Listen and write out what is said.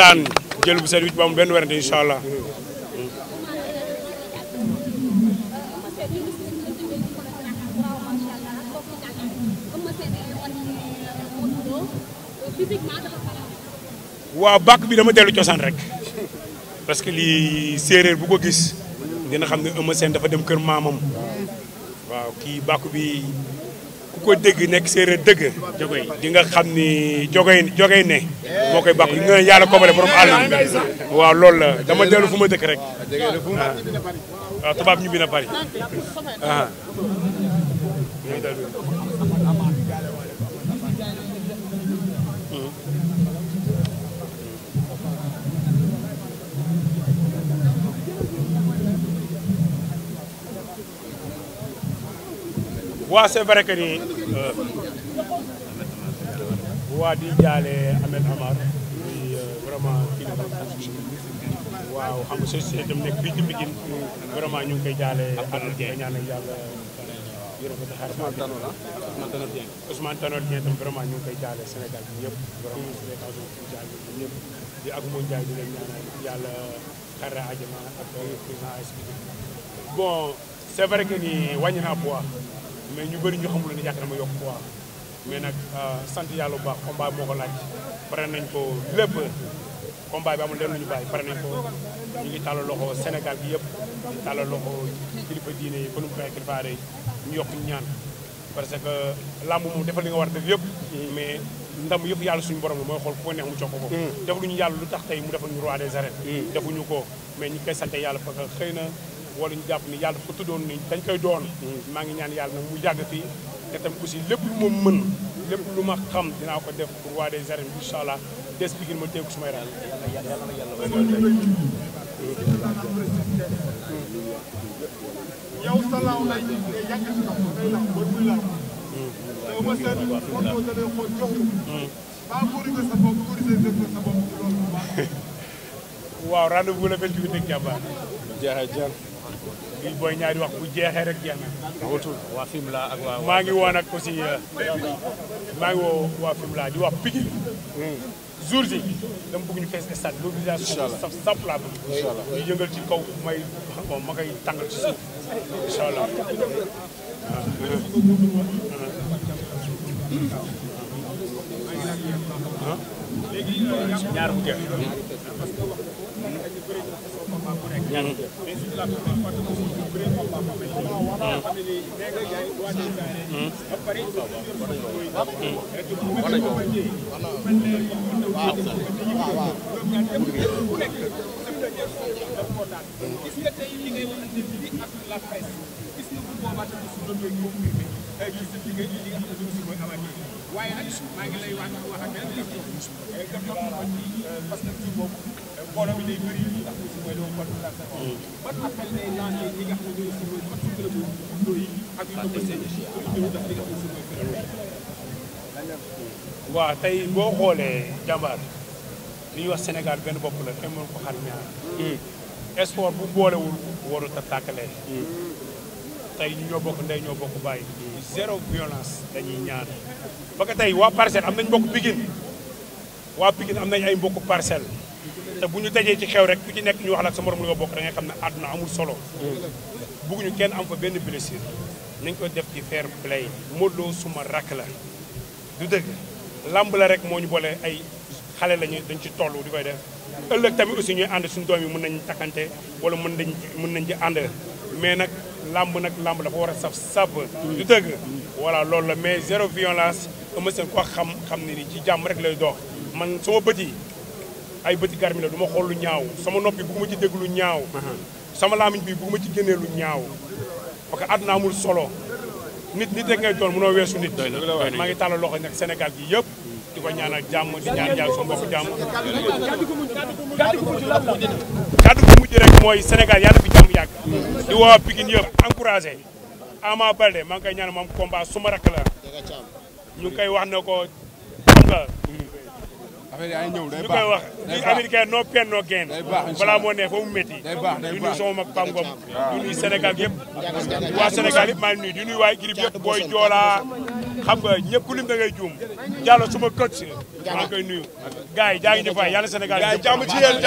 daan jël bu seen wit bam ben benn inshallah wa allah. bi dama delu ciosan rek parce que li séeréer bu ko gis dina xamné ne sen dafa dem keur mamam waaw ki bak bi. ku ko nekk séeréer dëgg di nga xam ni jogay jogay ne moo koy bàkk ñu ne yàlla kobale borom àll bi waaw loolu la dama dellu fu ma dëkk rek waaw ah, tubaab ñu bi na bari ah. waa c'est vrai ni euh, waa di jaale Ahmed Amar di euh, vraiment kilifa waaw xam nga société dem nekk fii ci vraiment ñu ngi koy jaale Amar Dieng ñaanal yàlla yërëb te xaar ñu ngi koy jaale Sénégal bi ñëpp vraiment su dee jaale ñëpp di ak moo jaay di leen yàlla xarra ajama ak président bon c'est vrai ni wàññi naa poids mais ñu bëri ñu xamul ne yàgg na ma yokk poids mais nag euh, sant yàlla bu baax combat moo ko laaj pare nañ ko lépp bi amul lenn lu ñu bàyyi pare nañ ko ñu ngi tàllal loxo Sénégal gi yëpp tàllal loxo kilifa diine yi ba nu mu fay kilifa aada yi ñu yokk ñaan parce que làmb moom defal li a def yëpp mais ndam yëpp yàlla suñu borom la mooy xool ku ko neex mu jox ko ko mm. ñu yàlla lu tax tey mu defal ñu roi des arènes mm. defuñu ko mais ñu koy sant yàlla parce que xëy na wala ñu jàpp ni yàlla dafa ko tuddoon ni dañ koy doon maa ngi ñaan yàlla nag mu yàgg fii te tam aussi lépp lu ma mën lépp lu ma xam dinaa ko def pour roi des arènes incha des Pikine ma téye ko sumay raal yow sa lay yàgg si ndox day law ba muy law te ba seen moto da lay xool jox baa corriger sa bopp corriger sa bopp ci loolu bu waaw rendez-vous la 28 ak jàmbaar jaajëf Lil Boy ñaari wax bu jeexee rek jeex na. wutul waa Fimela ak waa. maa ngi woo nag aussi maa ngi woo waa Fimela di wax Pikine. jour ji dama bëgg ñu fees stade l'obligation saf saf laa bëgg. incha allah yëngal ci kaw may bon ma koy tàngal ci suuf ñaar bu jeex. gis nga tey li ngay wax ak la presse gis nga bu boobaa tamit su doon yooyu confirmé tey jii seen liggéey li parce que kii boobu euh, mbooloo mi day bëri mm. waaw tey boo xoolee jàmbaar li ñuy wax Sénégal benn bopp la kenn mënu ko xar ñaar. Mm. bu boolewul warut a tàkkalee. Mm. tey ñu ñoo bokk ndey ñoo bokk bàyyi zéro violence dañuy ñaan ba ka tey waa parcelle am nañ mbokk Pikine waa Pikine am nañ ay mbokk parcelle te bu ñu dajee ci xew rek ku ci nekk ñu wax la sa morom nga bokk da ngay xam ne amul solo bugguñu kenn am fa benn blessure nañ ko def ci fair play Modou Lo suma rakk la du dëgg lamb la rek moo ñu boole ay xale lañu dañ ci toll di koy def ëllëg tamit aussi ñuy ànd suñu doom mën nañ takkante wala mën nañ mën nañ ci mais làmb nag làmb dafa war a saf sàpp du dëgg voilà loolu la mais zéro violence Eumeu Sène ko xam xam ne ni ci jàmm rek lay dox man soo bët yi ay bëti garmi la du ma xool lu ñaaw sama noppi bëgguma ci dégg lu ñaaw sama laamiñ bi bëgguma ci génnee lu ñaaw parce que àdduna amul solo nit nit rek ngay doon mënoo weesu nit maa ngi loxo nag Sénégal gi yëpp di ko ñaanal jàmm di ñaan yàlla suñu bopp kaddu gu mujj rek mooy Sénégal yàlla fi jàmm yàgg. di woo Pikine yëpp encouragé Ama Baldé maa ngi koy ñaanal moom combat suma ko xam affaire yaa ngi ñëw day baax ñu koy wax ñun américain noo pen noo gain. day baax incha allah balaa moo ne foofu mu métti. day baax day baax di nuyu sama mag Pape Ngom. waaw di nuyu Sénégal yëpp. waa Sénégal yëpp maa ngi Joola. xam nga ñëpp lim da ngay juum. suma coach. maa ngi koy nuyu. gars jaa ngi jëf waay yàlla Sénégal yëpp.